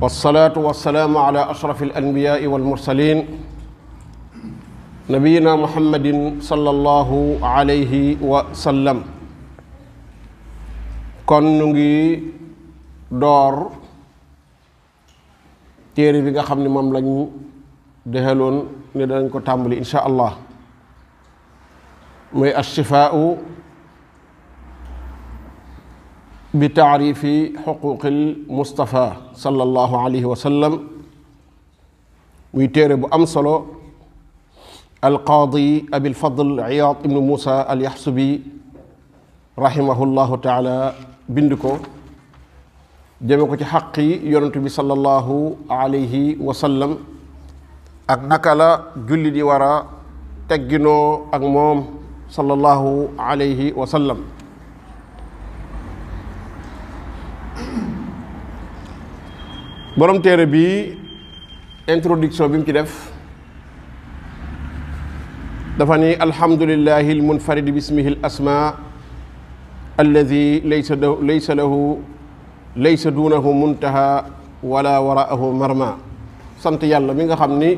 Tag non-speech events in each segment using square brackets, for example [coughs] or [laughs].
والصلاة والسلام على أشرف الأنبياء والمرسلين نبينا محمد صلى الله عليه وسلم كن نجي دور تيري بيغا خامني مام لا ني دهالون إن شاء الله مي الشفاء بتعريف حقوق المصطفى صلى الله عليه وسلم ويترب أمصل القاضي أبي الفضل عياط بن موسى اليحسبي رحمه الله تعالى بندكو جمكو حقي يرنتبي صلى الله عليه وسلم أكنكلا جل دي وراء تجنو أكموم صلى الله عليه وسلم borom téere bii introduction bi mu ci def dafa ni alhamdulillahi almunfarid bismihi al asma alladi laysa laysa lahu laysa duunahu muntaha wala waraahu marma sant yàlla mi nga xam ni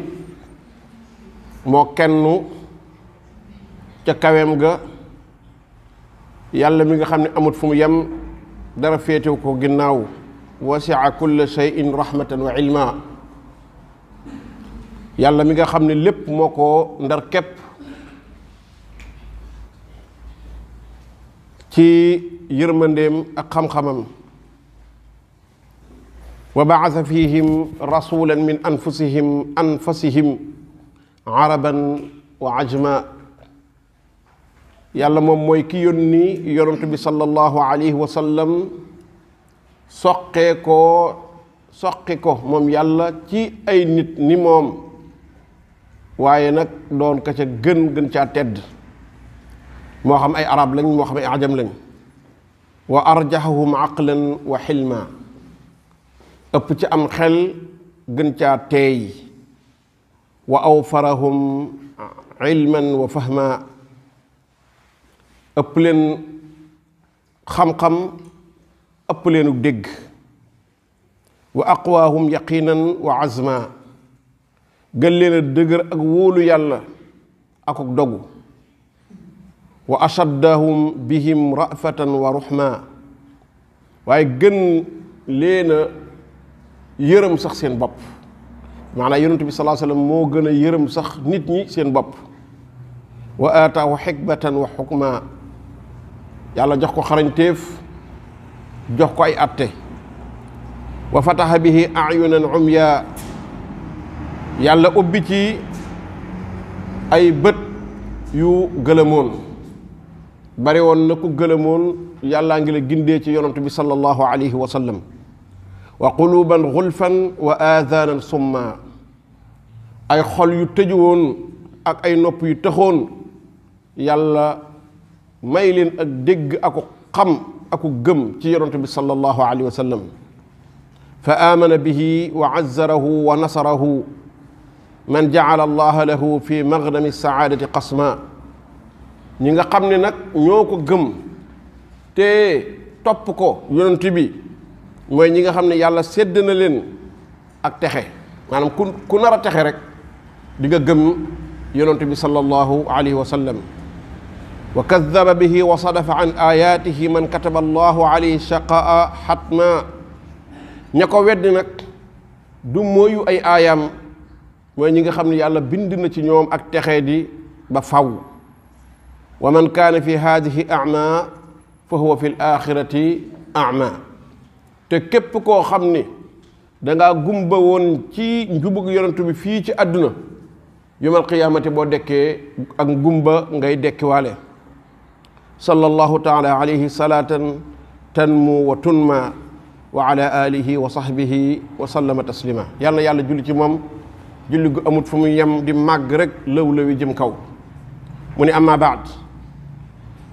moo kennu ca kaweem ga yàlla mi nga xam ne amut fu mu yem dara féetew ko ginnaaw وسع كل شيء رحمة وعلما يلا ميغا خامني لب موكو ندر كيب تي يرمندم أقام خمم وبعث فيهم رسولا من أنفسهم أنفسهم عربا وعجما يلا موم موي كي يوني يونتبي صلى الله عليه وسلم soqee koo soqi ko moom yàlla ci ay nit ni moom waaye nag doon ka ca gën gën caa tedd moo xam ay arab lañ moo xam ay ajam lañ wa arjaxahum aqlan wa xilma ëpp ci am xel gën caa teey wa awfarahum ilman wa fahma ëpp leen xam-xam أبلين دق وأقواهم يقينا وعزما قال لنا الدقر أقول يلا أكوك دقو وأشدهم بهم رأفة ورحمة ويقن لنا يرم سخ سين باب معنى يرم تبي صلى الله عليه وسلم مو قن يرم سخ نتني سين باب وآتاه حكبة وحكمة يلا جاكو خرين تيف jox ko ay atte wa fataxa bihi ayunan umya yàlla ubbi ci ay bët yu gëlëmoon bari woon na ku gëlëmoon yàllaa ngi la gindee ci yonant bi sallallahu alayhi wa sallam wa quluban xulfan wa aadaanan summa ay xol yu tëju woon ak ay nopp yu tëxoon yàlla may leen ak dégg ak xam اكو قم بي صلى الله عليه وسلم فامن به وعزره ونصره من جعل الله له في مغنم السعاده قسما نيغا خامني نك نيوكو گم تي توپ كو يونتي بي موي نيغا خامني يالا سدنا لين اك تخي مانام كو نارا تخي رك ديغا گم يونتي بي صلى الله عليه وسلم وكذب به وصدف عن آياته من كتب الله عليه شقاء حتما نيكو ود نك دو اي ايام موي نيغا خامني يالا بند نا سي نيوم ومن كان في هذه اعمى فهو في الاخره اعمى te képp koo xam ni da ngaa gumba woon ci njubug yonantu bi fii ci àdduna صلى الله تعالى عليه صلاة تنمو وتنمى وعلى آله وصحبه وسلم تسليما يلا يلا جولي جمم جولي اموت يم دي مغرق لو لو لوي كو كاو اما بعد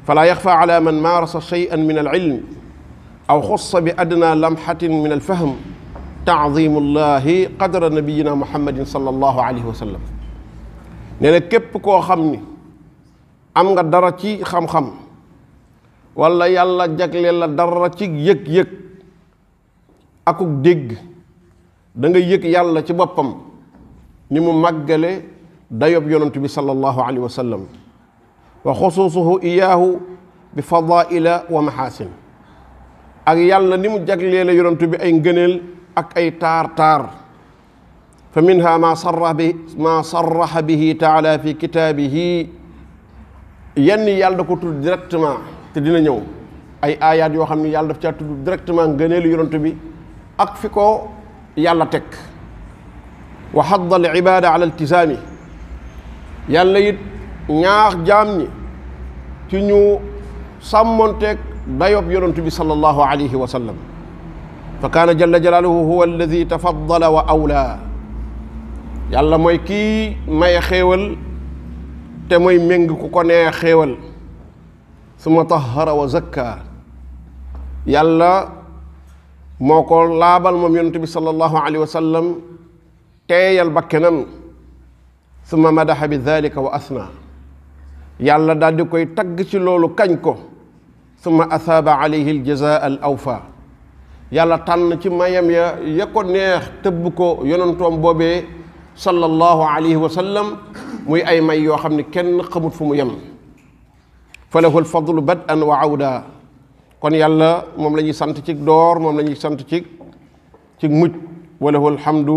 فلا يخفى على من مارس شيئا من العلم او خص بادنى لمحه من الفهم تعظيم الله قدر نبينا محمد صلى الله عليه وسلم نانا كيب كو خامني am nga dara خم wala yàlla jagle la dara ci yek yek akuk deg da nga yek yàlla ci bopam ni mu magale dayob yonent bi sallallahu alaihi wasallam wa khususuhu iyahu bi fadaila wa mahasin ak yàlla ni mu jagle la yonent bi ay ngeenel ak ay tar tar فمنها ما صرح به ما صرح به تعالى في كتابه kitaabihi yenn yàlla da ko te dina ñëw ay aayaat yoo xam ni yàlla daf caa tudd directement ngëneelu yonent bi ak fi ko yàlla teg wa xadda al ibaada ala altisaami yàlla it ñaax jaam ñi ci ñu sàmmonteeg dayob yonent bi sallallahu alayhi wa sallam fa kaana jalla jalaaluhu huwa alladi tafaddala wa awlaa yàlla mooy kii maye xéewal te mooy méng ku ko nee xéewal suma tahara wa zakka yàlla moo ko laabal moom yonente bi salallahu alayhi wa sallam teeyal bakkenam suma madaxa bi dalika wa asna yàlla daal di koy tagg ci loolu kañ ko suma asaaba alayhi aljaza al awfa yàlla tànn ci mayam ya ya ko neex tëbb ko yonentoom boobee salallahu alayhi wa sallam muy ay may yoo xam ne kenn xamut fu mu yem فله الفضل بدءا وعودا كون يالا موم لا ني سانت تيك دور موم لا ني سانت تيك تيك موج وله الحمد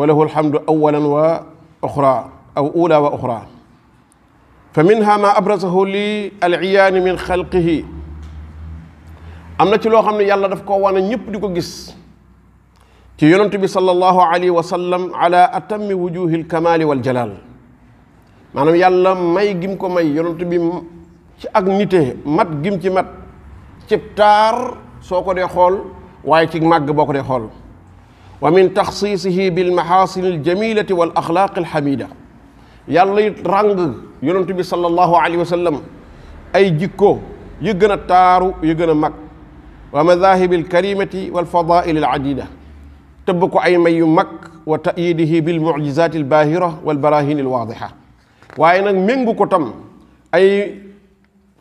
وله الحمد اولا واخرى او اولى واخرى فمنها ما ابرزه لي العيان من خلقه امنا تي لو خامني يالا داف كو وانا نييب ديكو غيس تي يونتبي صلى الله عليه وسلم على اتم وجوه الكمال والجلال manam yàlla may gim ko may yonent bi ci ak nite mat gim ci mat ci tar soko de xol way ci mag boko de xol wa min takhsisihi bil mahasin al jamilati wal akhlaq al hamida yàlla ràng yonent bi sallallahu alayhi wa sallam ay jikko yu gëna taru yu gëna mag wa madahibi al karimati wal fadail al adida tëbb ko ay may yu mag wa tayidihi bil mu'jizat al bahira wal barahin al wadihah waaye nag méngu ko tam ay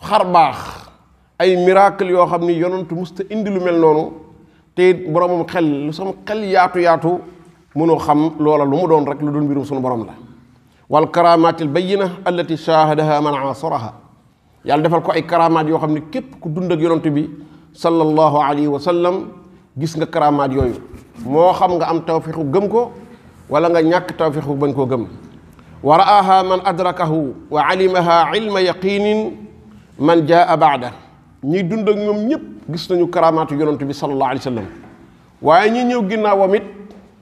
xar baax ay miracle yoo xam ni yonantu musta indi lu mel noonu te boromam xel lu sama xel yaatu yaatu mënoo xam loola lu mu doon rek lu dul mbirum suñu borom la wal karamatil bayina allati shahadaha man asaraha yàlla defal ko ay karamaat yoo xam ne képp ku dund ak yonantu bi sallallahu alayhi wa sallam gis nga karamaat yooyu moo xam nga am tawfixu gëm ko wala nga ñàkk tawfixu bañ koo gëm ورآها من أدركه وعلمها علم يقين من جاء بعده ني دوند اك نيوم نييب غيس نانيو كرامات يونت بي صلى الله عليه وسلم واي ني نييو غينا واميت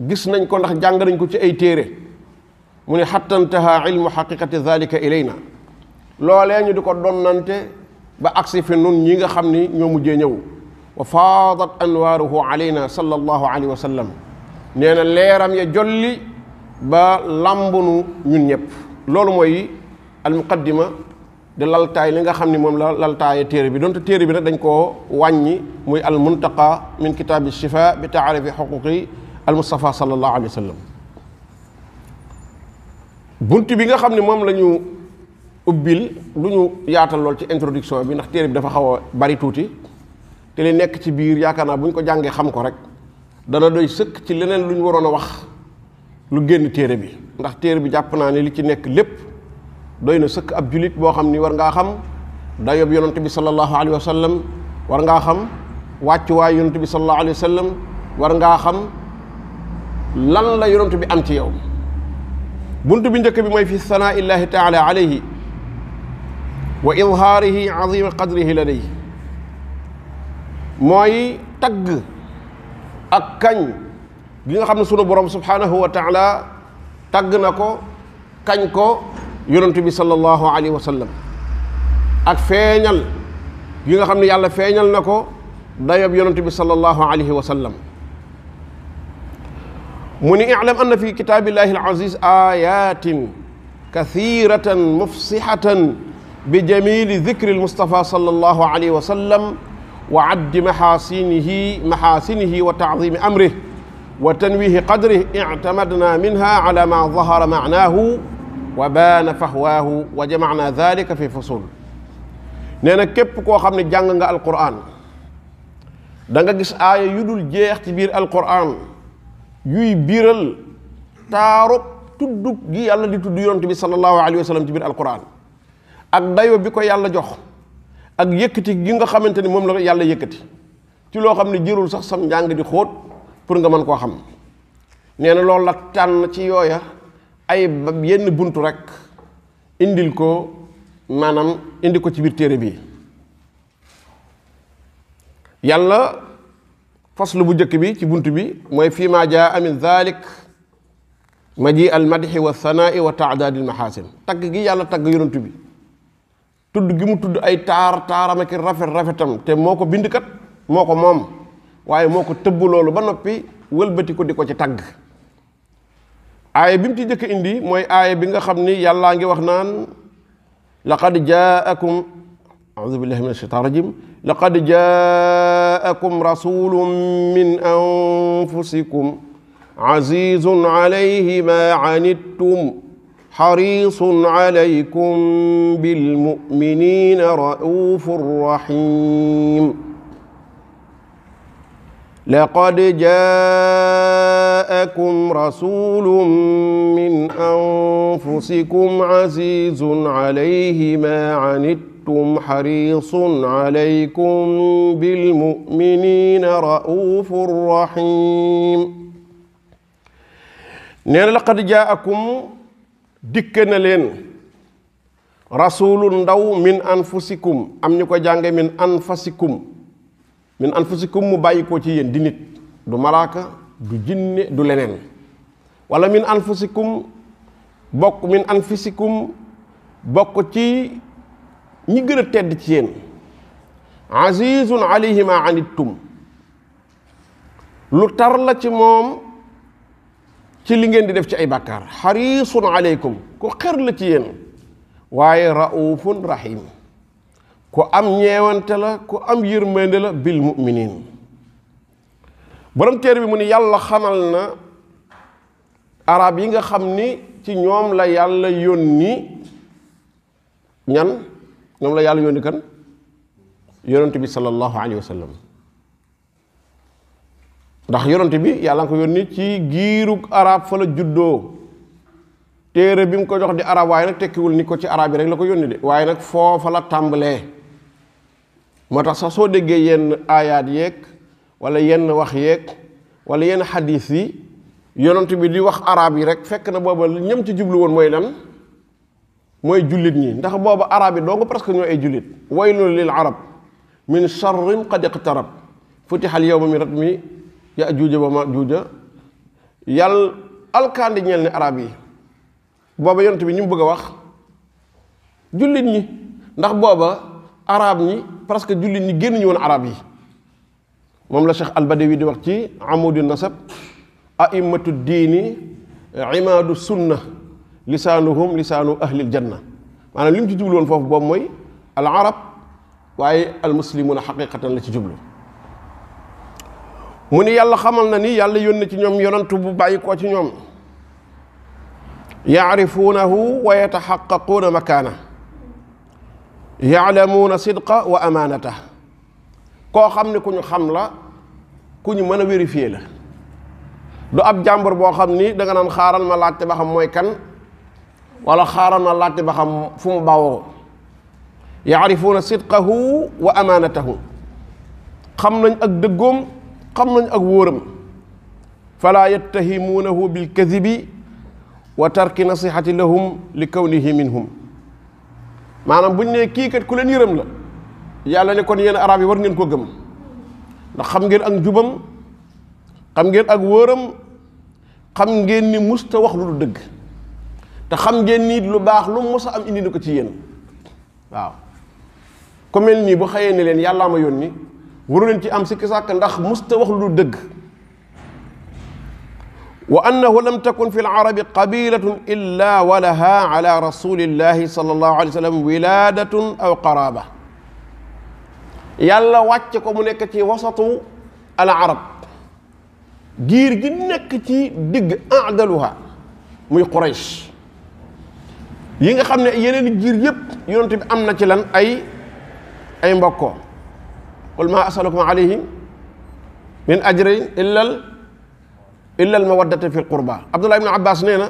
غيس نانكو ناخ جانغ نانكو سي اي تيري موني حتى انتهى علم حقيقه ذلك الينا لوليه ني ديكو دون نانتي با اكسي في نون نيغا خامني نيوم جي نييو وفاضت انواره علينا صلى الله عليه وسلم نينا ليرام يا جولي ba làmbunu ñun ñëpp loolu mooy almuqaddima de laltaay li nga xam ni moom la laltaaye téere bi donte téere bi nag dañ koo wàññi muy almuntaqa min kitaabi shifa bi taarifi xuquqi almustafa sallallahu alayhi wa sallam bunt bi nga xam ne moom lañu ubbil lu ñu yaatal lool ci introduction bi ndax téere bi dafa xaw a bari tuuti te li nekk ci biir yaakaar naa bu ñu ko jàngee xam ko rek dana doy sëkk ci leneen lu ñu waroon a wax lu génn téere bi ndax téere bi jàpp naa ni li ci nekk lépp doy na sëkk ab julit boo xam ni war ngaa xam dayob yonante bi sallallahu alayhi wa sallam war ngaa xam wàccuwaay yonante bi sallallahu alayhi wa sallam ngaa xam lan la yonante bi am ci yow bunt bi njëkk bi mooy fi sanaa illahi taala alayhi wa izhaarihi azima qadrihi ladayhi mooy tagg ak kañ gi nga xam ne sunu borom subhanahu wa taala tagg na ko kañ ko yonentu bi sallallahu alayhi wa sallam ak feeñal gi nga xam ne yàlla feeñal na ko dayob yonentu bi sallallahu alayhi wa sallam mu ni i'lam anna fi kitaabillahi al-aziz ayatin kathiratan mufsihatan bi jamili dhikri al-mustafa sallallahu alayhi wa sallam wa addi mahasinihi mahasinihi wa ta'zimi amrihi وتنويه قدره اعتمدنا منها على ما ظهر معناه وبان فهواه وجمعنا ذلك في فصول نانا كيب كو خامني جانغا القران داغا غيس اي يودول جيخ تي بير القران يوي بيرال تارو تودوك جي يالا دي تود يونتبي صلى الله عليه وسلم تي بير القران اك دايو بيكو يالا جوخ اك ييكتي جيغا خامنتاني موم لا يالا ييكتي تي لو خامني جيرول صاح سام جانغ دي خوت pour nga mën koo xam nee na loolu la tànn ci yooya ay yenn buntu rek indil ko maanaam indi ko ci biir téere bi yàlla faslu bu njëkk bi ci bunt bi mooy fii maa jaa min dalik maji al wa sanaa'i wa taadaadil maxaasin tagg gi yàlla tagg yonantu bi tudd gi mu tudd ay taar taaram ak rafet rafetam te moo ko bind kat moo ko moom waaye moo ko tëbb loolu ba noppi wëlbati ko di ko ci tagg aaya bi mu ci njëkk indi mooy aaya bi nga xam ni yàllaa ngi wax naan laqad jaakum audu billahi min ashaitan rajim laqad jaakum rasulun min anfusikum azizun alayhi ma anittum حريص عليكم بالمؤمنين رؤوف رحيم لقد جاءكم رسول من أنفسكم عزيز عليه ما عنتم حريص عليكم بالمؤمنين رؤوف رحيم نين لقد جاءكم دكنا لين رسول دو من أنفسكم أم نكو جانجي من أنفسكم min anfusikum mu bàyyikoo ci yéen di nit du malaaka du jinne du leneen wala min anfusikum bokk min anfusikum bokk ci ñi gën a tedd ci yéen azizun alayhi ma anittum lu tar la ci moom ci li ngeen di def ci ay bàkkaar xarisun aleykum ku xer la ci yéen waaye raufun rahim ku am ñewante la ku am yërmande la bil muminin borom teer bi mu ni yalla xamal na arab yi nga xamni ci ñom la yalla yonni ñan ñom la yalla yonni kan yaronte bi sallallahu alaihi wasallam. ndax yaronte bi yalla ko yonni ci giirug arab fa la juddo téré bi mu ko jox di arab nak tekki wul ni ko ci arab yi rek la ko yonni de way nak fofa la tambalé motax sax soo déggee yenn walayen yeeg wala yenn wax yeeg wala yenn hadith yi yonent bi di wax arab yi rek fekk na booba ñëm ci jublu woon mooy lan mooy jullit ñi ndax booba arab yi doo presque ñoo ay jullit waylun lil arab min sharrin qad iqtarab futiha al yawma min ratmi ba ma ma'juja yal di ñel ni arab yi booba yonent bi ñu bëgg wax jullit ñi ndax booba arab ñi presque julli ñi génn ñu won arab yi mom la cheikh al-badawi di wax ci amudi nasab aimatu diini imaadu sunna lisanu ahli al janna manam lim ci jublu won fofu boobu moy al arab waye al muslimuna haqiqatan la ci jublu muni yàlla xamal na ni yàlla yónni ci ñom yonantu bu bàyyi ko ci ñom yaarifuunahu wa yataxaqaquuna makaana يعلمون صدقه وامانته كو خامني كوني خام لا كوني مانا فيريفي لا دو اب جامبر بو خامني دا نان خارال ما لاتي با خام موي كان ولا خارال ما با خام فوم باو يعرفون صدقه وامانته خام نان اك دغوم خام نان اك وورم فلا يتهمونه بالكذب وترك نصيحه لهم لكونه منهم manam buñ ne ki kat ku leen yërëm la yàlla ne kon yéen arab yi war ngeen ko gëm ndax xam ngeen ak njubam xam ngeen ak wóoram xam ngeen ni musta wax lu du dëgg te xam ngeen ni lu bax lu musa am indi ko ci yéen waaw ku mel nii bu xëyee ne leen yàllaa ma yónni waru len ci am sikki sak ndax musta wax lu du dëgg وأنه لم تكن في العرب قبيلة إلا ولها على رسول الله صلى الله عليه وسلم ولادة أو قرابة يلا واتكم نكتي وسط العرب جير جنكتي دق أعدلها مي قريش yi nga xam جير يب ينطب أمنا yonent أي أي na قل ما أسألكم عليه من qul إلا illal mawaddata fil qurba Abdullah ibn Abbas nee na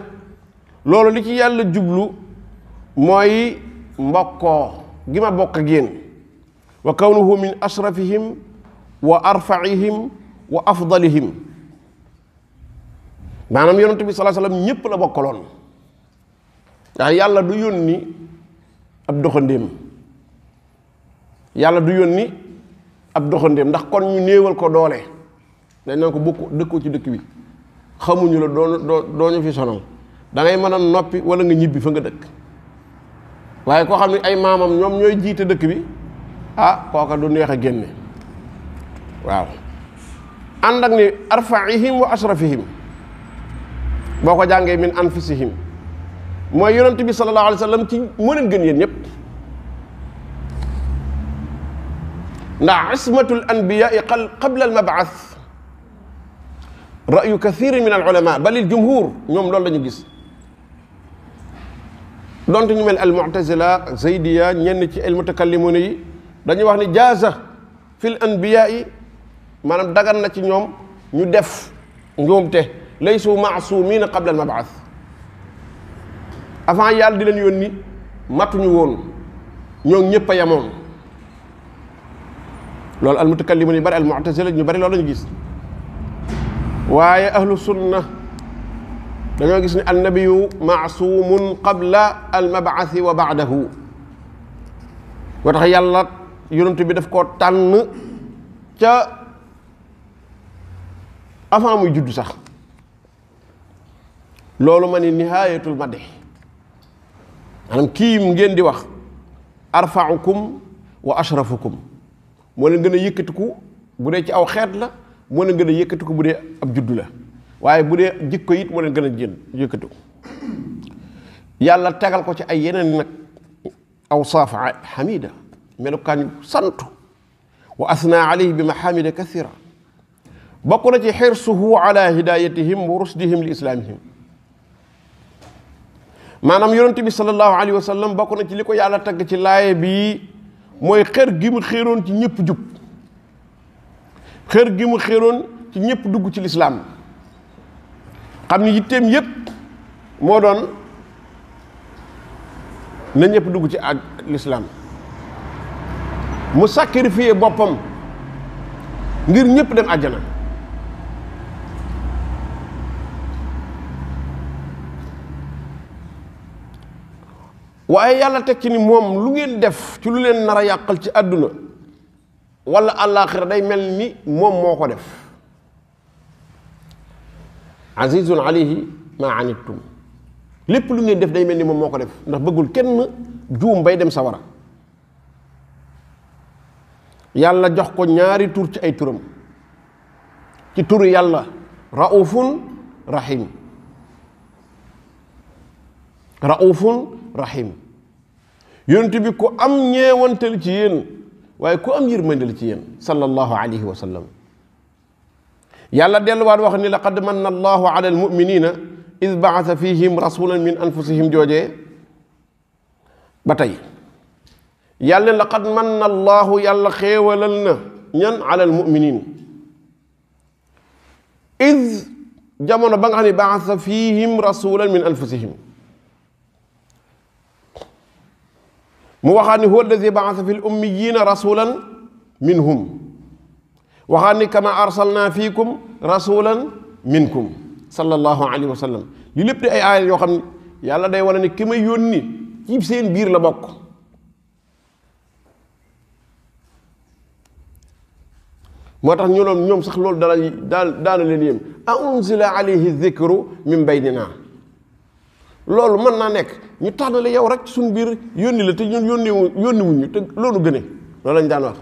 loolu li ci yàlla jublu mooy mbokkoo gi ma bokk ak yéen wa kawnuhu min ashrafihim wa arfaihim wa afdalihim maanaam yonent bi salaa sallam ñépp la bokkaloon ndax yàlla du yónni ab doxandéem yàlla du yónni ab doxandéem ndax kon ñu néewal ko doole dañ naan ko bokk dëkkoo ci dëkk bi xamuñu la doñu fi sonal da ngay mëna nopi wala nga ñibbi fa nga dëkk waye ko xamni ay mamam ñom ñoy jité dëkk bi ah koka du neexa génne waaw ànd ak ni arfaihim wa asrafihim boko jangé min anfusihim moy yaronte bi sallallahu alayhi wasallam ci mo leen gën yéen ñep ndax ismatul anbiyaa qabla al mab'ath راي كثير من العلماء بل الجمهور يوم لول لا نيو غيس المعتزله زيديه نين سي المتكلمون يي دا في الانبياء ما دغال نا سي نيوم ني ديف نيومته ليسوا معصومين قبل المبعث افان يال دي لن يوني مات ني وون نيو يامون لول المتكلمون بار المعتزله ني بار لول waaye ahlu sunna dañoo gis ne annabiyu maasuumun qabla almabaasi wa baadahu moo tax yàlla yonent bi daf koo tànn ca avant muy judd sax loolu ma ni nihaayatul madih maanaam kii ngeen di wax arfaukum wa ashrafukum moo leen gën a yëkkatiku bu dee ci aw xeet la moo leen gën a ko budé ab juddu la waye budé jikko yit moo leen gën jën yëkkati yàlla tegal ko ci ay yenen nak aw saafa xamida melukaan yu sant wa asna alayhi bi maxamida kathira bokku na ci hirsuhu ala hidayatihim wa rusdihim li islamihim manam yaronte bi sallallahu alayhi wa sallam bokku na ci liko yàlla tag ci laye bi moy xër gi mu xëron ci ñëpp jup xër gi mu xëroon ci ñëpp dugg ci lislaam xam ni yitteem yëpp moo doon na ñëpp dugg ci ak lislaam mu sacrifier boppam ngir ñëpp dem àjjana waaye yàlla teg ci ni moom lu ngeen def ci lu leen nar a yàqal ci àdduna ولا الاخر داي ملني موم موكو ديف عزيز عليه ما عنتم لب لو ني ديف داي ملني موم موكو ديف ناخ بغول كين جوم باي ديم سوارا يالا جوخ كو نياري تور تي اي تورم تي تور يالا رؤوف رحيم رؤوف رحيم يونتي بي كو ام نيوانتل تي يين waaye ku am yërmande la ci yéen sallallahu alayhi wa sallam yàlla delluwaat wax ni laqad manna allahu ala almuminina id baasa fihim rasulan min anfusihim joojee ba tey yàlla ne laqad manna allahu yàlla xéewalal na ñan ala almuminin id jamono ba nga xam ne baasa fihim rasulan min anfusihim موخاني هو الذي بعث في الأميين رسولا منهم وخاني كما أرسلنا فيكم رسولا منكم صلى الله عليه وسلم للبدء أي آية يو خمني يا الله داي ولاني كما يوني كيف سين بير لبك موتاخ نيوم نيوم سخ لول دال دال دال لين أنزل عليه الذكر من بيننا loolu mën naa nekk ñu tànnale yow rek suñ biir yónni la te ñun yónni yónni wuñu te loolu gëne loolu daan wax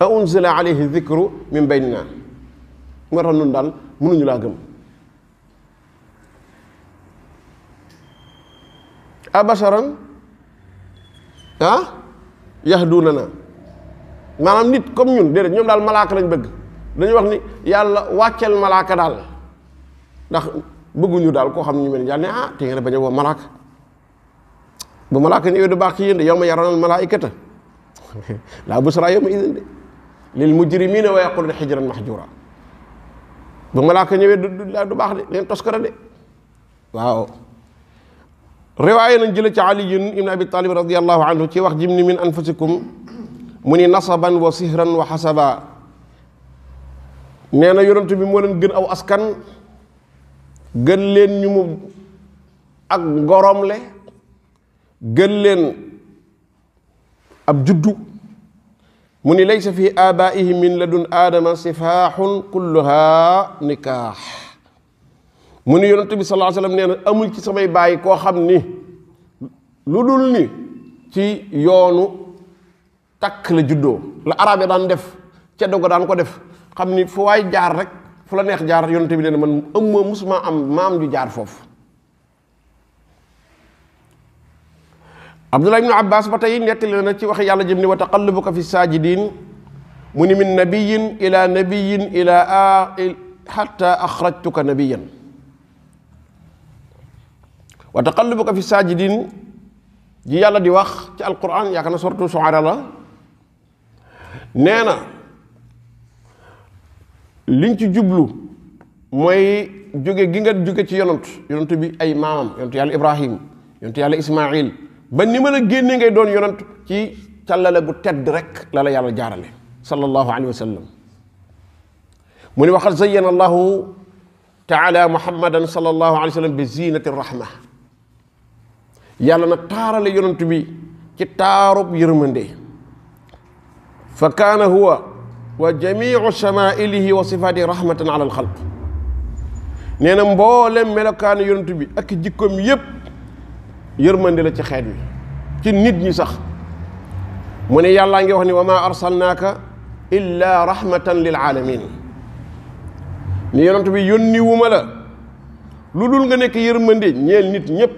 a unzila alayhi dhikru min baynina nga tax nun daal mënuñu laa gëm abasharan na maanaam nit comme ñun déedéet ñoom daal malaaka lañ bëgg dañu wax ni yàlla wàccel malaaka daal ndax bëgguñu daal koo xam ne ñu mel ni yàlla ne ah te ngeen bañ a bu malaaka ñëwee du baax ci yéen de yow ma yaranal malaaikata [laughs] laa busraa yow ma idin de lil mujrimiina wa yaquluuna xijran mahjuura bu malaaka ñëwee du du baax de leen toskara de waaw riwaaye nañ jële ci aliyun ibn abi talib radiallahu anhu ci wax jim ni min anfusikum mu ni nasaban wa sihran wa xasaba nee na yonent bi moo leen gën aw askan gën leen ñu mu ak ngoromle gën leen ab juddu mu ni laysa fi abaihim min ladun aadama sifaaxun kulluha nikaax mu ni yonent bi sallallahu alayhi wasallam amul ci samay bàyyi koo xam ni lu dul ni ci yoonu takk la juddoo la arab daan def ceddo ko daan ko def xam ni fu waay jaar rek fu la neex jaar yonte bi leen man ëmmo musuma am maam ju jaar foofu abdullah ibn abbas ba tey nettali na ci wax yàlla jëm ni wa taqallubuka fi sajidin mu ni min nabiyin ila nabiyin ila a hatta akhrajtuka nabiyan wa taqallubuka fi sajidin ji yàlla di wax ci alquran yaakaar na sortu suara la nee na liñ ci jublu mooy jóge gi nga jóge ci yonant yonant bi ay maamam yonant yàlla ibrahim yonant yàlla ismail ba ni ma la génne ngay doon yonant ci càllale bu tedd rek la la yàlla jaarale sallallahu alayhi wa sallam mu ni waxat zayyana allahu taala muhammadan sallallahu alayhi wa sallam bi zinati rahma yàlla na taarale yonant bi ci taarub yërmande fa kaana huwa وجميع شمائله وصفاته رحمة على الخلق نينا مبولم ملكان يونتبي اك جيكوم ييب يرمان دي لا تي خيت وي تي نيت ني صاح موني يالا نغي وخني وما ارسلناك الا رحمه للعالمين ني يونتبي يوني وما لا لودول nga nek yermande ñeel nit ñep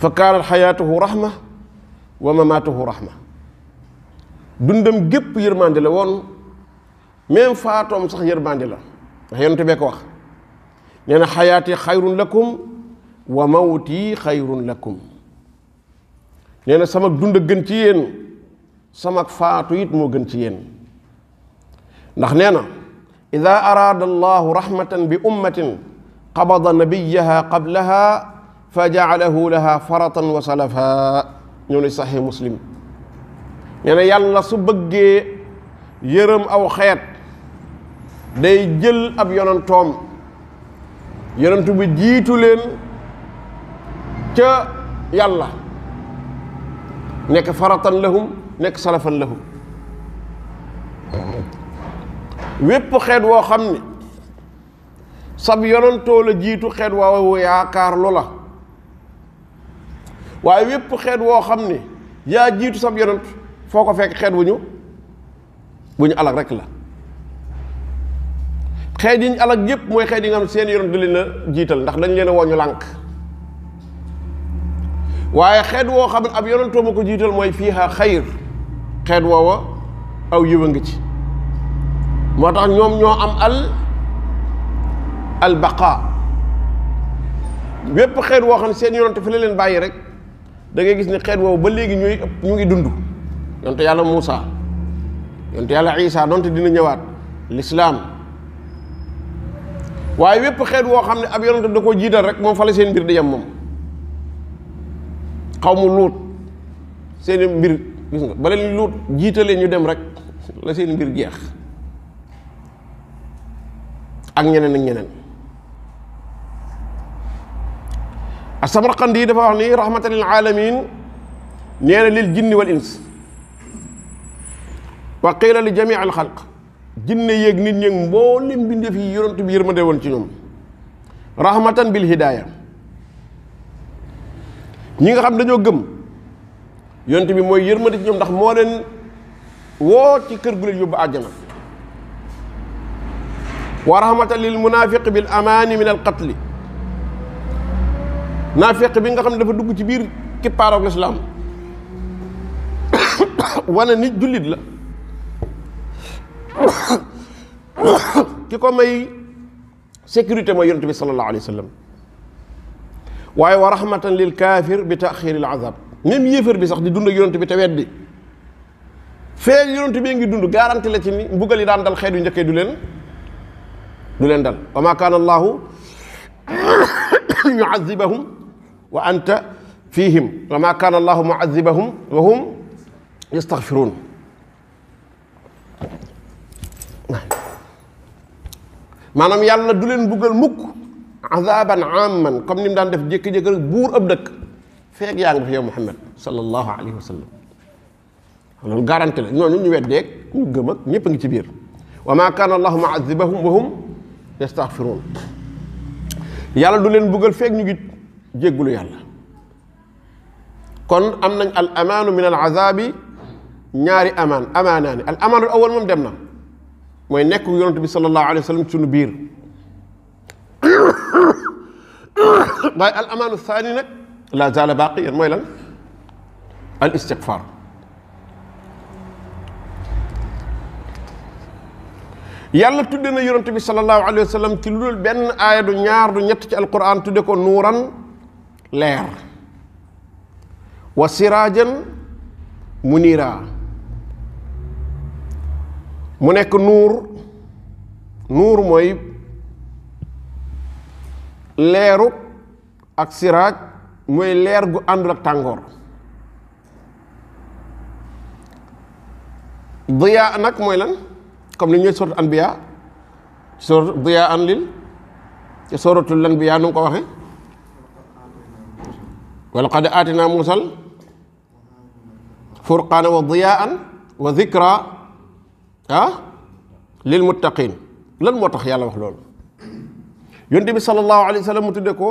fa kanat hayatuhu rahma wa mamatuhu rahma dundam gep yërmande la won même fatom sax yërmande la ndax yonente bee ko wax nee hayati khairun lakum wa mawti khairun lakum nee sama dund gën ci yéen sama fatu it mo gën ci yéen ndax nee na ida araada allahu rahmatan bi ummatin qabada nabiyaha qablaha fa jaalahu laha faratan wa salafa ñëw na saxi muslim ñene na yàlla su bëggee yërëm aw xeet day jël ab yonantoom yonantu bi jiitu leen ca yàlla nekk faratan lahum nekk salafan lahum wépp xeet woo xam ne sab yonantoo la jiitu xeet waaw yaakaar lu la waaye wépp xeet woo xam ne yaa jiitu sab yonant foko fek xet xeet buñu alak rek la xet yi alak alag yépp mooy xeet yi nga xam seen yoon du leena jital ndax dañ leena woñu lànk waye xet wo xam ab yoon to mako jital moy fiha khair xet wo woowa aw yiwa ngi ci motax ñom ño am al al baqa bépp xet wo xam seen yoon te fi leen bàyyi rek da ngay gis ni xet wo ba legi ñuy ñu ngi dundu yonte yàlla Moussa yonte yàlla Isa donte dina ñëwaat lislaam waaye wépp xeet woo xam ne ab yonente da ko jiital rek moom fale seen mbir di yem moom xaw mu luut seeni mbir gis nga bala ñu luut jiitalee ñu dem rek la seen mbir geex ak ñeneen ak ñeneen Samarqandi dafa wax ni rahmatan lil alamin nee lil jinni wal ins wa qila li jami' al khalq jinne yek nit ñek mbolim binde fi yorontu bi yermande won ci ñom rahmatan bil hidayah ñi nga xam dañoo gëm yonte bi mooy yërmande ci ñoom ndax moo leen woo ci kër gu leen yóbbu àjjana wa rahmatan lil munafiq bil aman min al qatl nafiq bi nga xam ne dafa dugg ci biir kippaaroog l'islam [coughs] wane nit jullit la ki ko may sécurité mooy yonent bi sallallahu alayhi wasallam sallam wa rahmatan lil kafir bi ta'khir al azab même yefer bi sax di dund ak bi tawedd feel feeg bi ngi dund garantie la ci ni mbugal dan dal xeetu njëkkee du len du len dal wa ma kana allah yuazibahum wa anta fihim wa ma kana allah muazibahum wa hum yastaghfirun manam yàlla du len buggal mukk azaban amman comme nim dan def jek jek rek buur ab dëkk fek yaa fi muhammad sallallahu alayhi wasallam sallam garantie la ñoo ñu weddeeg ñu gëm ak ñëpp ngi ci biir wa ma kana allah muazibahum wa hum yastaghfirun yàlla du len buggal fek ñu gi jéggulu yàlla kon am nañ al aman min al azabi ñaari aman amaanaani al amaanul awal moom dem na moy nekk yonent bi sallallahu alayhi wasallam sunu biir bay al amaanu saani nak la zaala baqi moy lan al istighfar yàlla tudde na yonent bi sallallahu alayhi wasallam ci lul ben benn du ñaar du ñett ci al qur'an tudde ko nuran leer wa sirajan munira mu nekk nuur nuur mooy leeru ak siraaj mooy leer gu àndul ak tàngoor diyaa nag mooy lan comme li ñuy sourate anbiya ci sourate diyaa an lil ci souratul anbiya nu ngi ko waxe wala qad aatina muusal furqaana wa diyaa an wa zikra ها للمتقين لن موتخ يالا واخ لول يونت بي صلى الله عليه وسلم تديكو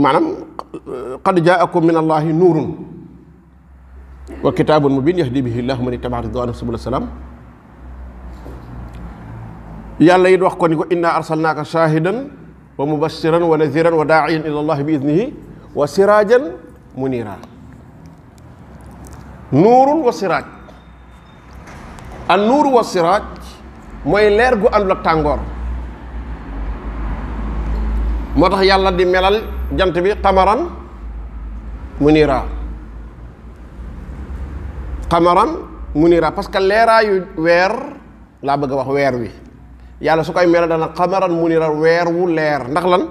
مانام قد جاءكم من الله نور وكتاب مبين يهدي به الله من اتبع رضوانه صلى الله عليه وسلم يالا يد واخ كونيكو انا ارسلناك شاهدا ومبشرا ونذيرا وداعيا الى الله باذنه وسراجا منيرا نور وسراج an nur wa siraj moy leer gu àndul ak tàngoor moo tax di melal jant bi qamaran munira qamaran munira parce que leeraayu weer laa bëgg a wax wer wi yalla su koy melal dana qamaran munira wer wu leer ndax lan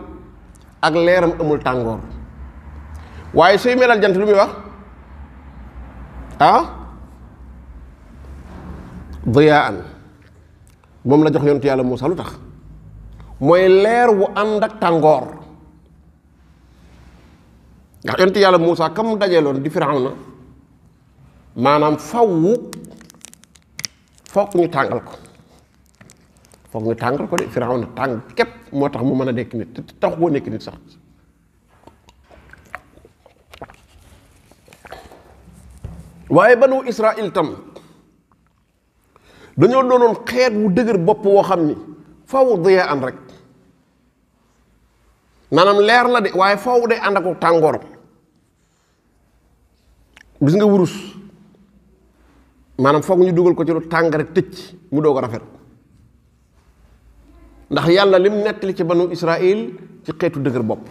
ak leeram amul tangor waye suy melal jant lu mi wax ah dhiyaan mom la jox yonent yalla musa lutax moy leer wu ànd ak tàngoor ndax yontu yàlla kam dajelon di firaw na maanaam faw fokk ñu tàngal ko fokk ñu tangal ko di firaw na tàng képp moo mu meuna a nit tax koo nek nit sax waye banu Israël tam dañoo doonoon xeet wu dëgër bopp woo xam ni faw dayee am rek maanaam leer na de waaye faw de ànd ak tàngoor gis nga wurus maanaam foog ñu dugal ko ci lu tàng rek tëcc mu doo ko rafet ndax yàlla lim nettali ci banu israil ci xeetu dëgër bopp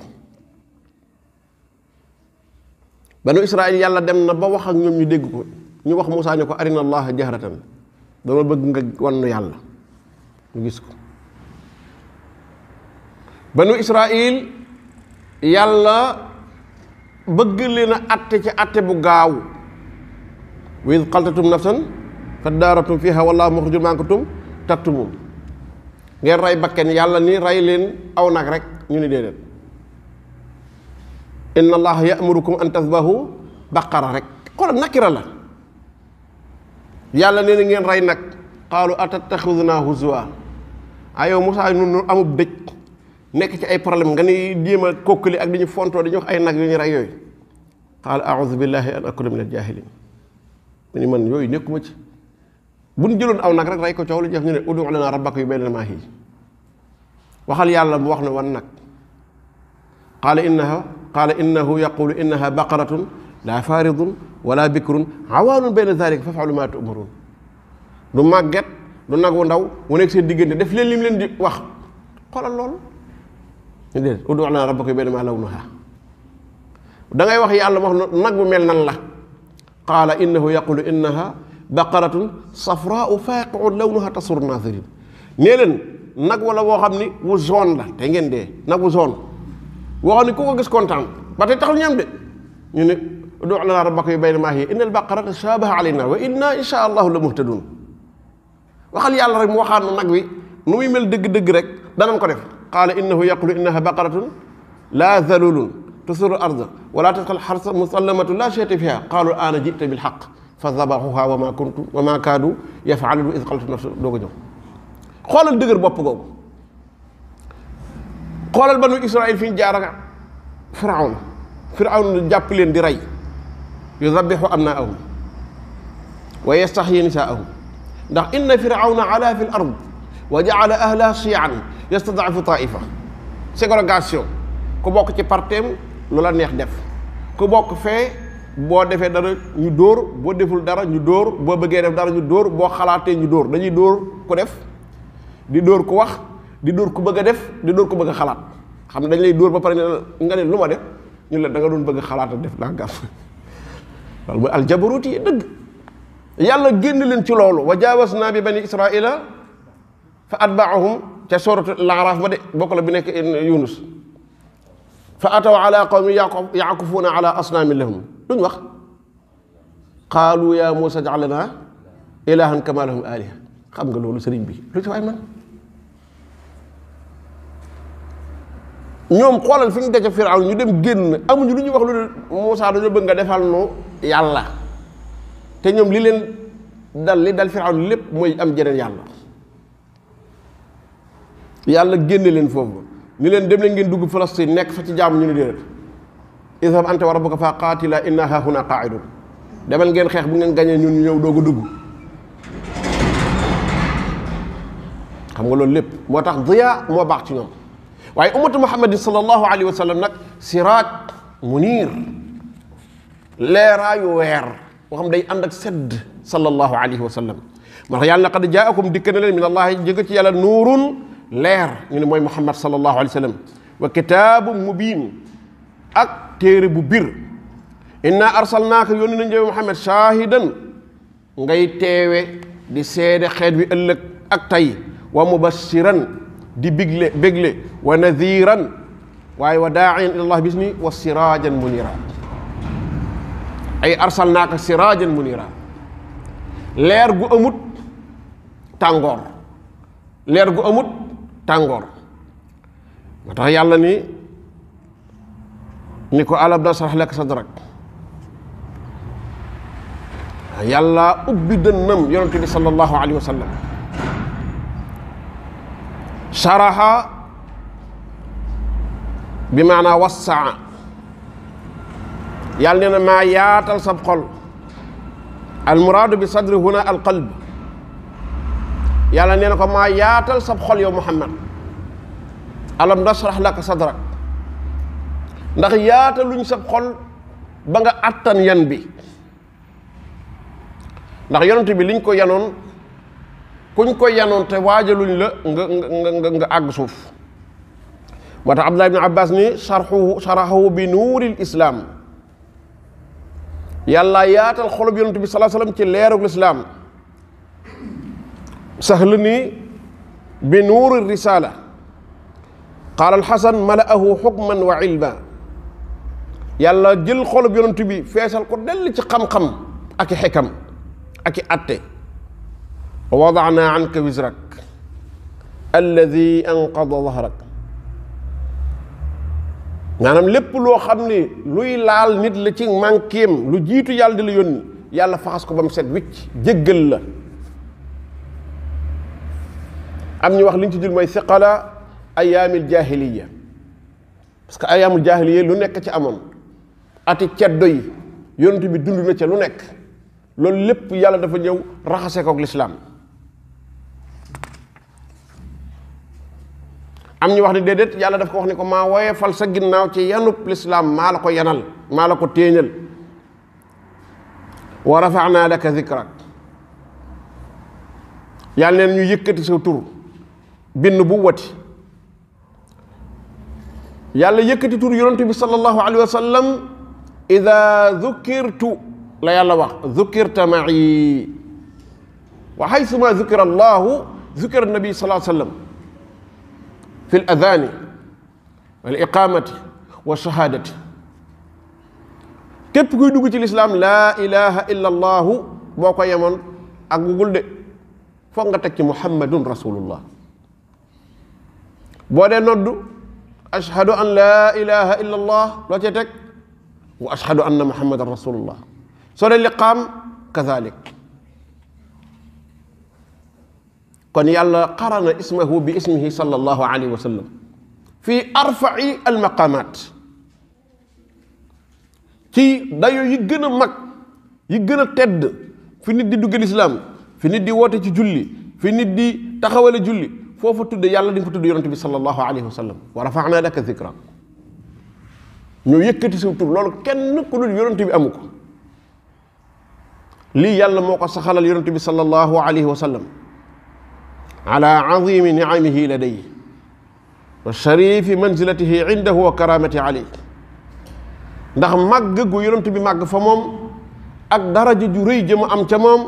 banu israil yàlla dem na ba wax ak ñoom ñu dégg ko ñu wax Musaa ñu ko arina allah jahratan dama bëgg nga wannu yàlla ñu gis ko banu israil yàlla bëgg leen a atte ci atte bu gaaw wa id xaltatum nafsan fa daaratum fiha wallahu muxrijun maa kuntum taktumum ngeen rey bakken yàlla ni rey leen aw nag rek ñu ni déedéet inna allaha yamurukum an tasbahu baqara rek xoolal nakira la yàlla nee na ngeen rey nag qaalu atattaxiduna huzwa ayow Moussa ñun amub dëj nekk ci ay problème nga ni jéem a kokkali ak dañu fontoo dañu wax ay nag yu ñu rey yooyu qaala audu billahi an akuna min al jahilin ni man yooyu nekkuma ci bu jëloon aw nag rek rey ko coow lu jeex ñu ne udu lana rabbaka yubayyin lana maa hiya waxal yàlla mu wax na wan nag qaala innaha qaala innahu yaqulu innaha baqaratun laa faaridun wala bikrun awaanun bayna zaalika faf'alu maa tu'maruun du màgget du nag wu ndaw wu nekk seen diggante def leen lim leen di wax xoolal loolu déedéet ud'uu lanaa rabbakum bimaa lawnuhaa da dangay wax yàlla wax nag bu mel nan la qaala innahu yaqulu innaha baqaratun safraau faaqi'un lawnuhaa tasurru naaziriin nee leen nag wala woo xam ni wu jaune la te ngeen dee nag wu jaune woo xam ni ku ko gis kontaan ba tey taxul ñam de ادع لنا ربك ما هي ان البقره شابه علينا wa ان شاء الله لمهتدون وخال يالا رك مو mu نك وي نوي wi دغ دغ رك دا نكو ديف قال انه يقول انها بقره لا ذلول تسر الأرض ولا تسقى الحرس مسلمة لا شيء فيها قالوا انا جئت بالحق فذبحوها وما كنت وما كادوا يفعلون إذ قلت نفس دوغ جو خولال دغر بوب غوغ خولال بنو إسرائيل فين جارا فرعون فرعون جاب لين دي راي yudabbihu abnaahum wa yastahyi nisaahum ndax inna fir'auna ala fil ard wa jaala ahlaha shi'an yastad'ifu taifa Segregation. ku bok ci partem lula neex def ku bok fe bo defé dara ñu door bo deful dara ñu door bo bëggé def dara ñu door bo xalaaté ñu door dañuy door ku def di door ku wax di door ku bëgg def di door ku bëgg xalaat xam dañ lay door ba paré nga né luma def ñu la da nga doon bëgg xalaat def la gaff الجبروت يدق يلا جن لن تلولو وجاوزنا ببني إسرائيل فأتبعهم تسورة الأعراف بدأ بقل بنك يونس فأتوا على قوم يعقفون على أصنام لهم دون وقت قالوا يا موسى جعلنا لنا إلها كما لهم آلهة خم قالوا لسرين به لو تفاهم ñoom xoolal fi ñu daje Firawn ñu dem génn amuñu du ñuy wax lu dul Moussa dañoo bëgg nga defal nu yàlla te ñoom li leen dal li dal Firawn lépp mooy am jeneen yàlla yàlla génne leen foofu ni leen dem leen ngeen dugg Palestine nekk fa ci jaamu ñu ne déedéet idhab anta wa rabbuka fa qaatila inna haahuna qaa'idun demal ngeen xeex bu ngeen gañee ñun ñëw doo ko dugg xam nga loolu lépp moo tax diya moo baax ci ñoom waaye ummatu muhammad sallallahu alayhi wa sallam nag siraat muniir leeraayu weer boo xam day ànd ak sedd sallallahu alayhi wa sallam moo tax yàlla na qad jaakum dikk na leen min allahi jëkk ci yàlla nuurun leer ñu ne mooy muhammad sallallahu alayhi wa sallam wa kitaabu mubin ak téere bu bir inna arsalnaaka yónni nañ jëwe muhammad shaahidan ngay teewe di seede xeet wi ëllëg ak tey wa mubashiran di bigle bégle wa nadiran waaye wa daa'iyan ila allah bis ni wa siraajan munira ay arsalnaaka siraajan munira leer gu amut tàngoor leer gu amut tàngoor moo tax yàlla ni ni ko alam nashrah laka sadrak yàlla ubbi dënnam yonente sallallahu alayhi wa sallam شرح بمعنى وسع يالنا يعني ما ياتل سب المراد بصدر هنا القلب يالا يعني ما ياتل سب يا محمد الم نشرح لك صدرك ndax yaataluñ sa xol ba nga attan yan bi ndax yonent bi liñ ko yanoon كن كو يانون تي واجالو لا نغا نغا نغا نغا اغ سوف مات عبد الله بن عباس ني شرحه شرحه بنور الاسلام يلا ياتال خلو بيونت بي صلى الله عليه وسلم تي لير الاسلام سهلني بنور الرساله قال الحسن ملأه حكما وعلما يلا ووضعنا عنك وزرك الذي انقض ظهرك maanaam lépp loo xam ni luy laal nit la ci manquéem lu jiitu yàlla di la yónni yàlla faxas ko ba mu set wicc jéggal la am ñu wax liñ ci jul mooy siqala ayaamil jaahiliya parce que ayaamul jaahiliya lu nekk ci amoon ati ceddo yi yonent bi dund na ca lu nekk loolu lépp yàlla dafa ñëw raxase ko ak lislaam am ñu wax ni dedet yàlla daf ko wax ni ko ma maa fal sa ginnaw ci yanu l'islam ma la ko yanal ma la ko téñal wa rafa'na laka dhikrak yàlla neen ñu yëkëti sa tur bin bu wati yàlla yëkëti tur yaronte bi sallallahu alayhi wa sallam idha dhukirtu la yàlla wax dhukirta ma'i wa haythuma dhukira allah dhukira nabi sallallahu alayhi wa sallam في الأذان والإقامة والشهادة كيف يقول الإسلام لا إله إلا الله موقع يمن أقول دي فانغتك محمد رسول الله بوالي نرد أشهد أن لا إله إلا الله وأشهد أن محمد رسول الله سؤال اللقام كذلك كان يلا قرن اسمه باسمه صلى الله عليه وسلم في ارفع المقامات تي دايو يغنا مك يغنا تد في نيت دي دوغ الاسلام في نيت دي ووتي تي جولي في نيت دي تخاول جولي فوفو تود يالا دي فتود يونتبي صلى الله عليه وسلم ورفعنا لك ذكرا ñu yëkkati sa tur loolu kenn ku dul yonent bi amu ko lii yàlla moo ko saxalal yonent على عظيم نعمه لديه وشريف منزلته عنده وكرامته عليه ndax mag gu yonent bi mag fa mom ak daraja ju reey jëmu am ca mom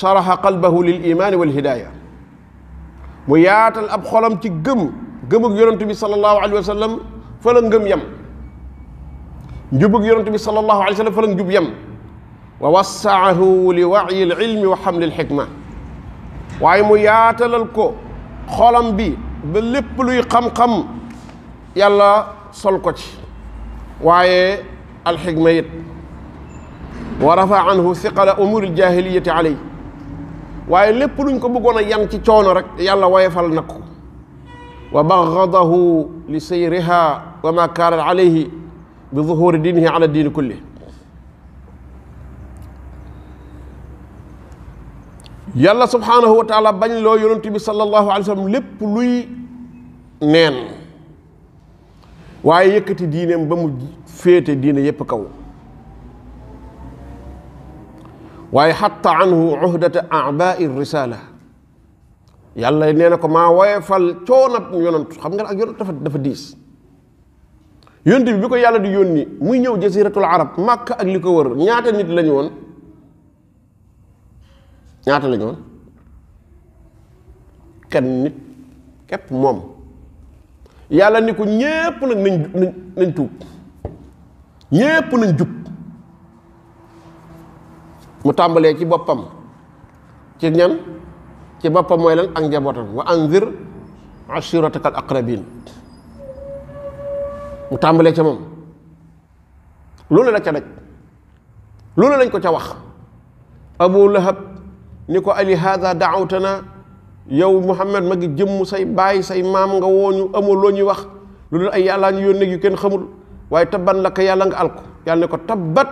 saraxa qalbahu lil iman wal hidaaya mu yaatal ab xolam ci gëm ak yonent bi sallallahu alaihi wasallam fa la ngëm yam njub ak yonent bi sallallahu alaihi wasallam fa la njub yam wa wassaahu li wayi al ilmi wa xamli al hikmah waye mu yaatalal ko xolam bi ba lépp luy xam-xam yàlla sol ko ci waaye alxigma it wa rafa anhu umur al aljahiliyati aley waye lépp luñ ko bëggona a yan ci choono rek yàlla wayfal nako wa baghadahu li sayriha wa ma kaanat alayhi bi dhuhur dinihi ala din kulli يالله سبحانه وتعالى بني لو يونتي صلى الله عليه وسلم لب لوي نين واي يكتي دينم بام فيت دين ييب كاو واي حتى عنه عهدة اعباء الرساله يالله نينكو ما ويفال تونا يونت خمغا اك يونت دا فا ديس يونتي بيكو يالله دي يوني موي نيو جزيره العرب مكه اك ليكو ور نياتا نيت لا نيون ñaata lañu woon kenn nit képp moom yàlla ni ko ñépp nag nañ nañ tuub ñépp nañ jub mu tàmbalee ci boppam ci ñan ci boppam mooy lan ak njabootam wa anzir ashiratakal aqrabin mu tàmbalee ca moom loolu la ca daj loolu lañ ko ca wax abu lahab ni ko ali hadha da'utana yow muhammad magi jëm say bay say mam nga woñu amoo loñu wax lu ay yalla ñu yonne yu ken xamul way tabban lak yalla nga alko yalla ne tabbat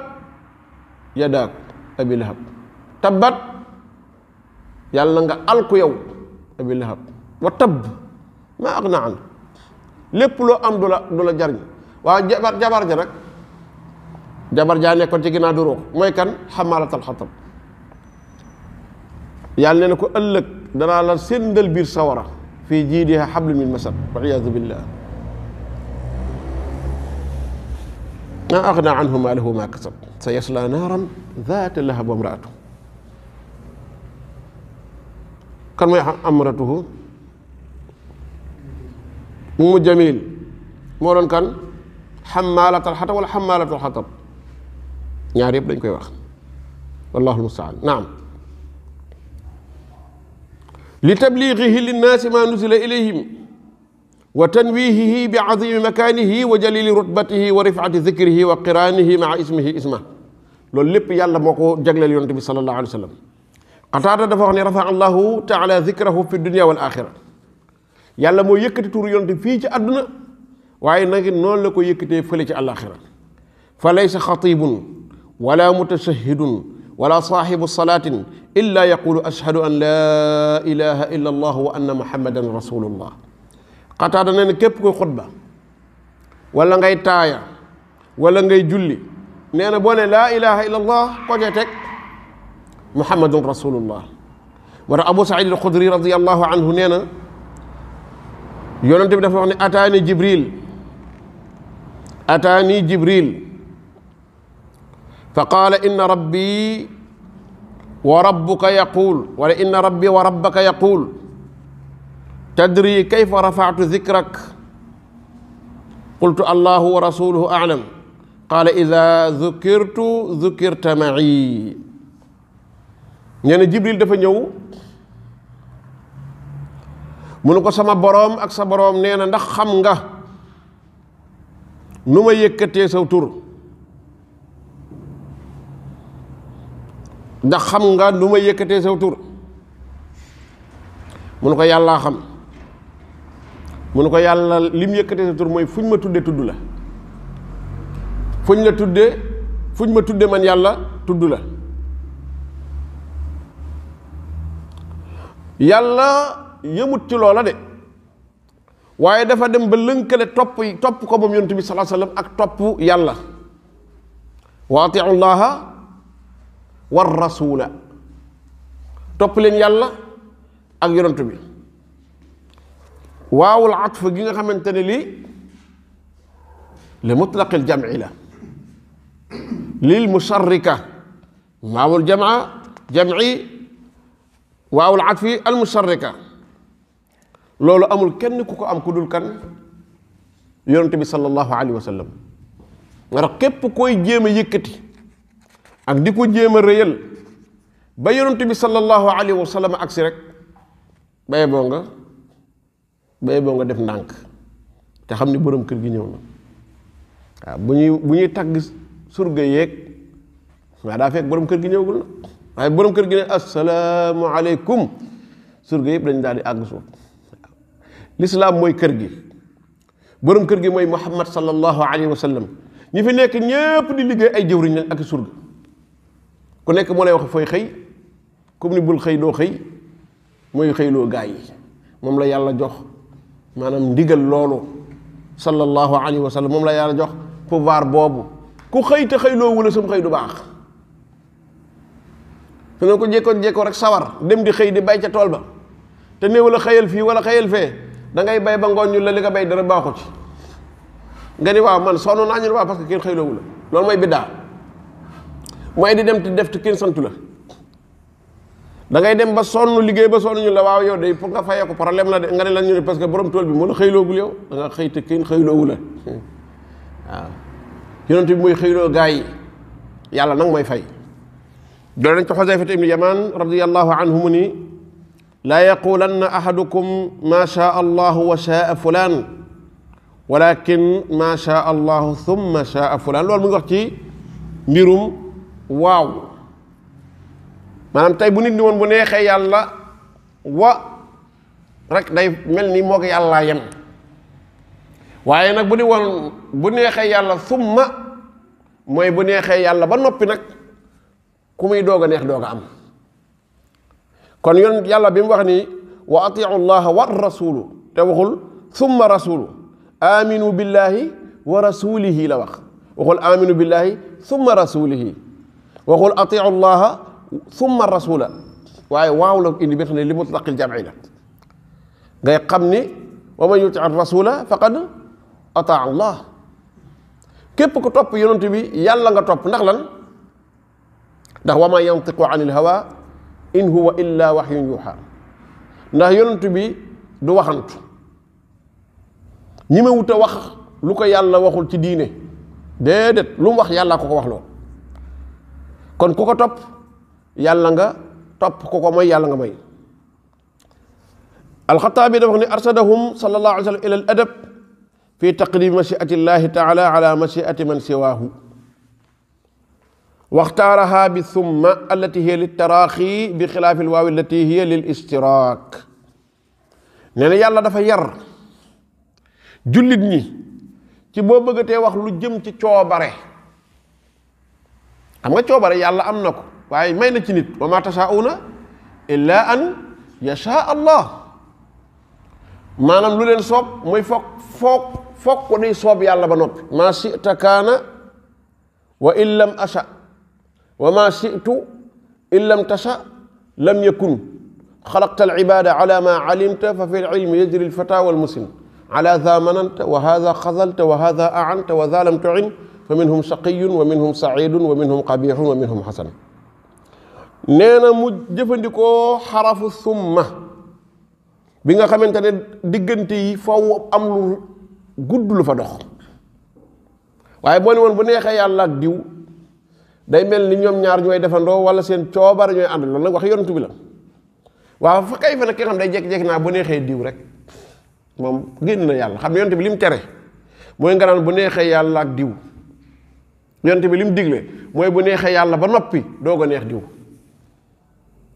yada abil hab tabbat yalla nga alku yow abil watab wa tab ma aghna an lepp lo am dula dula jarñ wa jabar jabar ja nak jabar jaa nekkoon ci gina duro moy kan hamalatul xatab يعني أنا أقول لك دنا على سند البير صورة في جيدها حبل من مسر والعياذ بالله ما أغنى عنه ماله ما كسب سيصلى نارا ذات اللهب وامرأته كان أمرته مو جميل مورن كان حمالة الحطب ولا حمالة الحطب يعني ابن كيوخ والله المستعان نعم لتبليغه للناس ما نزل إليهم وتنويهه بعظيم مكانه وجليل رتبته ورفعة ذكره وقرانه مع اسمه اسمه لول لب يالا مكو جغل يونتبي صلى الله عليه وسلم قتادة دفعني رفع الله تعالى ذكره في الدنيا والآخرة يالا مو يكتي تور يونتبي في أدنى وعي نغي نول لكو يكتي فلي الآخرة فليس خطيب ولا متشهد ولا صاحب صلاة إلا يقول أشهد أن لا إله إلا الله وأن محمدا رسول الله قتاد نين كيب كو خطبة ولا غاي تايا ولا غاي جولي نينا بوني لا إله إلا الله كوجاتك محمد رسول الله ورا أبو سعيد الخدري رضي الله عنه نينا يونت تبدا دا أتاني جبريل أتاني جبريل فقال إن ربي وربك يقول ولئن ربي وربك يقول تدري كيف رفعت ذكرك قلت الله ورسوله أعلم قال إذا ذكرت ذكرت معي يعني جبريل دفن يو من ne ko sama borom ak sa borom نمي يكتي سوتور ndax xam nga lu ma yëkkatee saw tur mu ne ko yàllaa xam mu ne ko yàlla lim yëkkatee sa tur mooy fuñ ma tuddee tudd la fuñ la tuddee fuñ ma tuddee man yàlla tudd la yàlla yëmut ci loola de waaye dafa dem ba lënkale topp topp ko moom yonent bi salaa sallam ak topp yàlla والرسول توب لين يالا اك يونت بي واو العطف جيغا خامتاني لي لمطلق الجمع لا للمشركه واو الجمع جمعي واو العطف المشركه لولو امول كين كوكو ام كودول كان يونت بي صلى الله عليه وسلم ركب كوي جيم يكتي ak ku jema jéem ba yaronte bi sallallahu alaihi wa ak si rek baye bo nga baye bo nga def nank te xamni borom keur gi ñew na buñuy buñuy tag surga yek waaye da fek borom keur gi ñewul na waaye borom keur gi ne surga yëpp dañ daal ag àgg l'islam moy keur gi borom keur gi moy muhammad sallallahu alaihi wa ñi fi nek ñepp di liggey ay jëwriñ ak surga ku nekk moo lay wax fooy xëy comme ni bul xëy doo xëy mooy xëyloo gaa yi moom la yàlla jox maanaam ndigal loolu sallallahu alayhi wa sallam moom la yàlla jox pouvoir boobu ku xëy te xëyloo wala sam xëy du baax su ne ko jékkoon jékkoo rek sawar dem di xëy di bay ca tool ba te néew la xëyal fii wala xëyal fee da ngay bay ba ngoon ñu la li nga bay dara baaxu ci nga ni waaw man sonn naa ñu waaw parce que kenn xëyloowu la loolu mooy biddaa mooy di dem te def te kenn santu la da ngay dem ba sonu liggéey ba sonu ñu la waaw yow day pour nga fayeku problème la nga ne la ñu parce que borom tool bi moo la gul yow da nga xëy te xeylo wu la waaw yonent bi moy xeylo gaay yàlla nak moy fay do lañ ko ci xoseyfata ibn yaman radiyallahu anhu muni لا يقولن أحدكم ما شاء الله وشاء فلان ولكن ما شاء الله ثم شاء فلان لول fulan loolu mu waaw maanaam tey bu nit ni woon bu neexee yàlla wa rek day mel ni moo ko yàlla yem waaye nag bu ni woon bu neexee yàlla summa mooy bu neexee yàlla ba noppi nag ku muy doog neex doog am kon yoon yàlla bi mu wax nii wa atiu llaha wa rasulu te waxul summa rasulu aminu billahi wa rasulihi la wax waxul aminu billahi summa rasulihi وقل أطيع الله ثم الرسول واي واو لو اني بخني لي مطلق الجمعين غير قمني ومن يطع الرسول فقد اطاع الله كيف كو توب يونتي بي يالا غا توب نخ لان دا وما ينطق عن الهوى ان هو الا وحي يوحى نا يونتي بي دو وخانت نيما ووتا وخ لوكو يالا واخول تي دينه ديدت لوم وخ يالا كوكو واخلو kon kuko top yàlla nga top kuko moy yàlla nga may alxataabi dafa wax ni arsadahum sallallahu alaihi wasallam ila al adab fi taqdim mashiati allah taala ala mashiati man siwaahu waxtaaraha bi summa allati hiya litaraaxi bi xilaafi lwaawi allati hiya lil istiraak nee na yàlla dafa yar jullit ñi ci boo bëggatee wax lu jëm ci coobare xam nga coobar yàlla am na ko waaye may na ci nit wa ma tashauna illa an yasha allah maanaam lu leen soob muy foog foog foog ko day soob yàlla ba noppi ma shita kaana wa in lam asha wa ma shitu in lam tasha lam yakun خلقت العبادة على ما علمت ففي العلم يجري الفتى والمسلم على ذا مننت وهذا خذلت وهذا أعنت وذا لم تعن faminhum shaqiyun wa minhum saidun wa minhum qabihun wa minhum hasan nee na mu jëfandikoo xarafu summa bi nga xamante ne diggante yi faw am lu gudd lu fa dox waaye boo ne woon bu neexee yàlla ak diw day mel ni ñoom ñaar ñooy defandoo wala seen coobar ñooy ànd loolu nag wax yonent bi la waaw fa kay fa nag xam day bu neexee diw rek na yàlla xam ne bi li mu tere nga naan bu ak diw yonent bi li mu digle mooy bu neexee yàlla ba noppi doo ko neex diw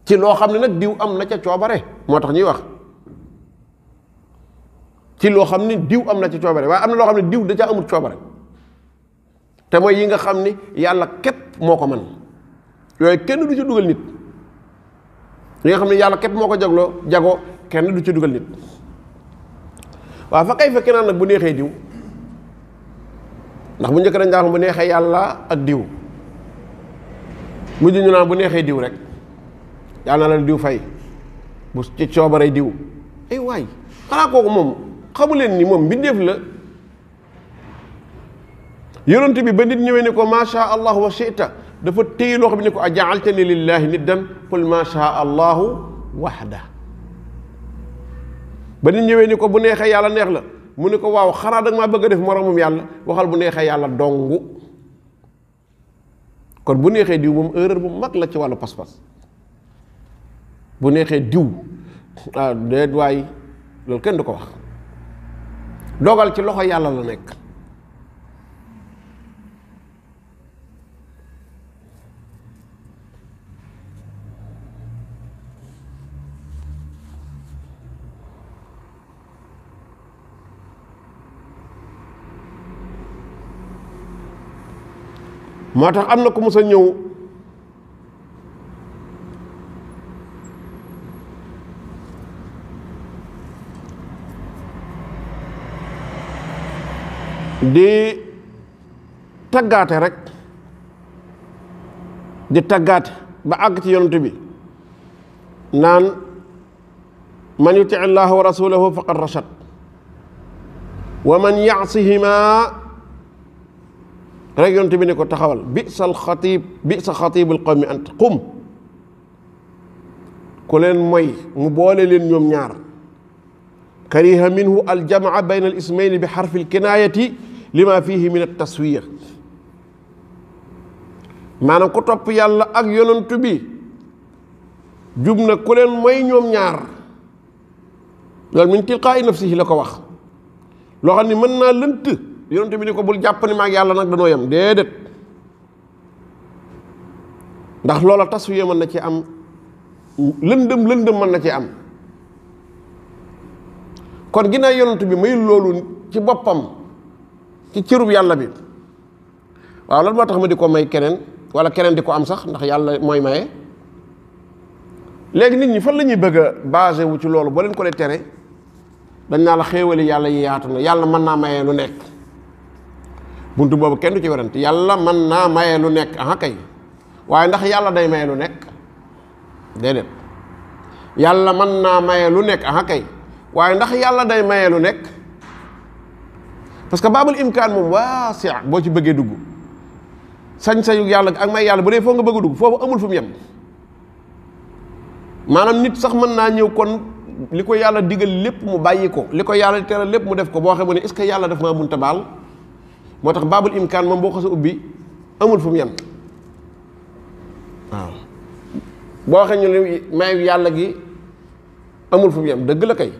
ci loo xam ne nag diw am na ca coobare moo tax ñuy wax ci loo xam ne diw am na ca coobare waaye am na loo xam ne diw da amul coobare te mooy yi nga xam ne yàlla képp moo ko man yooyu kenn du ci dugal nit yi nga xam ne yàlla képp moo ko jagloo jago kenn du ci dugal nit waaw fa kay fekkee naan nag bu neexee diw ndax bu njëkk dañ daan bu neexee yàlla ak diw mujj ñu naan bu neexee diw rek yàlla na leen diw fay bu ci coobaree diw ay waay xanaa kooku moom xamu leen ni moom mbindeef la yonent bi ba nit ñëwee ni ko macha allah wa shita dafa téye loo bi ne ni ko ajaaltani lillahi niddan qul macha allahu waxda ba nit ñëwee ni ko bu neexee yàlla neex la mu ne ko waaw xanaa da maa bëgg a def moromam yàlla waxal bu neexee yàlla dongu kon bu neexee diw moom erreur bu mag la ci wàllu pas-pas bu neexee diw ah déet waay loolu kenn du ko wax dogal ci loxo yàlla la nekk moo tax am na ku mës a ñëw di taggaate rek di taggaate ba àgg ci yonent bi naan man yuti llaha wa rasulahu faqad rachad wa man yaasihima rek yonte bi ne ko taxawal bi sal xatib bi sa xatibul qawmi ant qum ku leen mooy mu boole leen ñoom ñaar kariha minhu aljamaa bayna al ismayni bi xarfi alkinaayati lima fihi min altaswiya maanaam ku topp yàlla ak yonantu bi jub na ku leen mooy ñoom ñaar loolu min tilqaai nafsihi la ko wax loo xam ne mën naa lënt yonent bi ni ko bul jàpp ni maag yàlla nag danoo yem déedéet ndax loola tasfiya mën na ci am lëndëm lëndëm mën na ci am kon ginnaaw yonent bi may loolu ci boppam ci cërub yàlla bi waaw lan moo tax ma di ko may keneen wala keneen di ko am sax ndax yàlla mooy maye léegi nit ñi fan la ñuy bëgg a basé wu ci loolu boo leen ko lee tere dañ naa la xéewali yàlla yi yaatu na yàlla mën naa maye lu nekk buntu boobu kenn du ci werante yàlla mën naa maye lu nekk ah kay waaye ndax yàlla day maye lu nekk déedéet yàlla mën naa maye lu nekk ah kay waaye ndax yàlla day maye lu nekk parce que baabul imkaan moom waa si boo ci bëggee dugg sañ-sañu yàlla ak may yàlla bu dee foo nga bëgg dugg foofu amul fu mu yem maanaam nit sax mën naa ñëw kon li ko yàlla digal lépp mu bàyyi ko li ko yàlla tere lépp mu def ko boo xam ne est-ce yàlla daf maa munta baal motax babul imkan mom boko ubi sa ubbi amul fum yam waaw bo waxe ñu may yalla gi amul fum yam deug la kay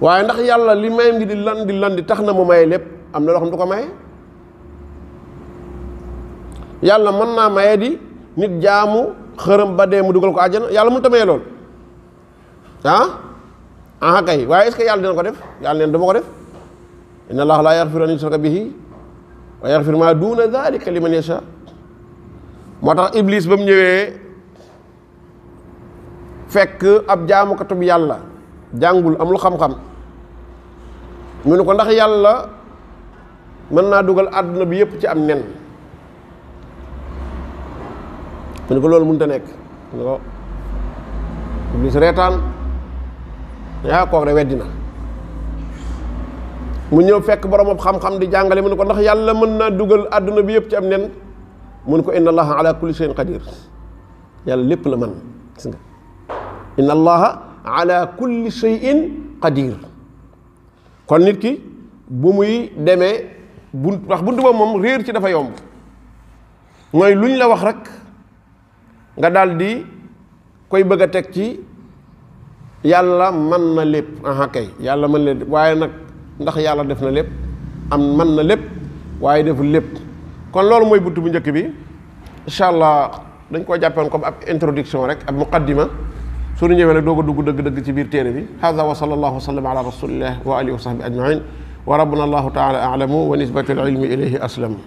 waye ndax yalla li may ngi di lan di lan di taxna na mu maye am na lo xam du ko maye yàlla mën maye di nit jaamu xërëm ba dee mu dugal ko aljana yalla mu tamay lol ha ah? ah kay waye est ce que dina ko def yalla len dama ko def inna Allah la yaghfiru an yushraka bihi wa yaghfiru ma duna dhalika liman yasha iblis ba mu ñëwee fekk ab jaamukatub yàlla jàngul amul xam-xam mu ne ko ndax yàlla mën naa dugal àdduna bi yépp ci am nen mu ne ko loolu mënut a ko iblis reetaan ya koog de weddi mu ñew fekk borom xam-xam di jangale mu ne ko ndax yalla mën na duggal aduna bi yëpp ci am nen mu ne ko inna allaha ala kulli shay'in qadir yalla lepp la man gis nga inna allaha ala kulli shay'in qadir kon nit ki bu muy demee wax buntu ba mom reer ci dafa yomb moy luñ la wax rek nga daldi koy bëgg tek ci yalla man na lepp aha kay yalla man lépp waye nak ndax yàlla def na lépp am man na lépp waaye deful lépp kon loolu mooy buntu bu njëkk bi incha allah dañ koo jàppoon comme ab introduction rek ab muqaddima suñu ñëwee nag doog a dugg dëgg-dëgg ci biir téere bi hada wa sallallahu wa sallam ala rasulillah wa alihi wa sahbi ajmain wa rabbuna allahu taala alamu wa nisbatu al ilmi ilayhi aslam